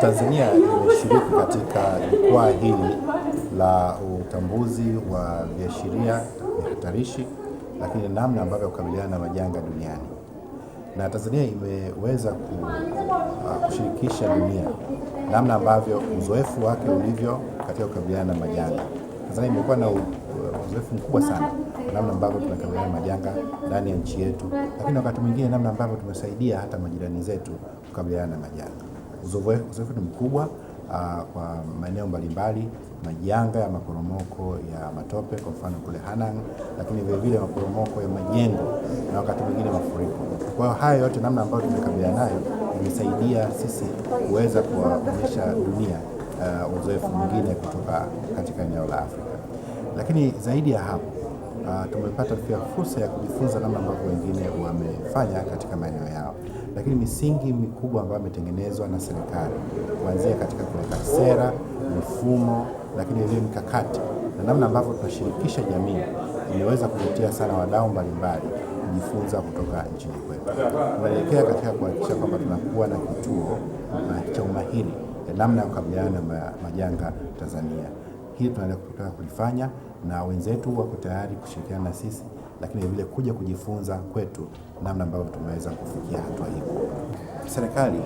Tanzania imeshiriki katika jukwaa hili la utambuzi wa viashiria vya hatarishi, lakini namna ambavyo kukabiliana na majanga duniani, na Tanzania imeweza uh, kushirikisha dunia namna ambavyo uzoefu wake ulivyo katika kukabiliana na majanga. Tanzania imekuwa na uh, uzoefu mkubwa sana namna ambavyo tunakabiliana na majanga ndani ya nchi yetu, lakini wakati mwingine namna ambavyo tumesaidia hata majirani zetu kukabiliana na majanga uzoefu ni mkubwa ah, kwa maeneo mbalimbali, majanga ya maporomoko ya matope kwa mfano kule Hanang, lakini vile vile maporomoko ya majengo na wakati mwingine mafuriko. Kwa hiyo haya yote, namna ambayo tumekabiliana nayo imesaidia sisi kuweza kuwaonyesha dunia uh, uzoefu mwingine kutoka katika eneo la Afrika, lakini zaidi ya hapo uh, tumepata pia fursa ya kujifunza namna ambavyo wengine wamefanya katika maeneo yao, lakini misingi mikubwa ambayo imetengenezwa na serikali kuanzia katika kuweka sera, mifumo, lakini vile mikakati na namna ambavyo tunashirikisha jamii imeweza kuvutia sana wadau mbalimbali kujifunza kutoka nchini kwetu. Tunaelekea katika kuhakikisha kwamba tunakuwa na kituo ah, cha umahiri ya namna ya kukabiliana na majanga Tanzania. Hili kutaka kulifanya na wenzetu wako tayari kushirikiana na sisi, lakini vile kuja kujifunza kwetu namna ambavyo tumeweza kufikia hatua hii. Serikali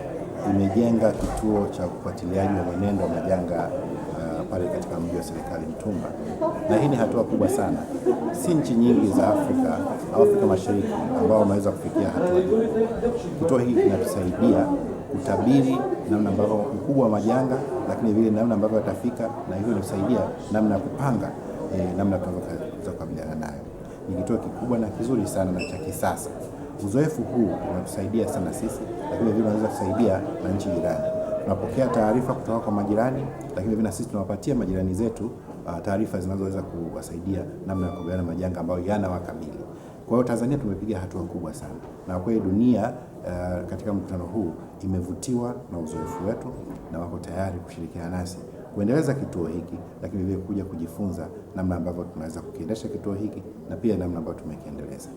imejenga kituo cha ufuatiliaji wa mwenendo wa majanga uh, pale katika mji wa serikali Mtumba, na hii ni hatua kubwa sana. Si nchi nyingi za Afrika au Afrika Mashariki ambao wameweza kufikia hatua hii. Kituo hii kinatusaidia kutabiri namna ambavyo ukubwa wa majanga, lakini vile namna ambavyo yatafika, na hivyo inatusaidia namna ya kupanga eh, namna tunavyoweza kukabiliana nayo. Ni kituo kikubwa na kizuri sana na cha kisasa. Uzoefu huu unatusaidia sana sisi, lakini vile unaweza kusaidia na nchi jirani. Tunapokea taarifa kutoka kwa majirani, lakini vile na sisi tunawapatia majirani zetu uh, taarifa zinazoweza kuwasaidia namna ya kukabiliana na majanga ambayo yanawakabili. Kwa hiyo Tanzania tumepiga hatua kubwa sana, na kweli dunia uh, katika mkutano huu imevutiwa na uzoefu wetu na wako tayari kushirikiana nasi kuendeleza kituo hiki, lakini vile kuja kujifunza namna ambavyo tunaweza kukiendesha kituo hiki na pia namna ambavyo tumekiendeleza.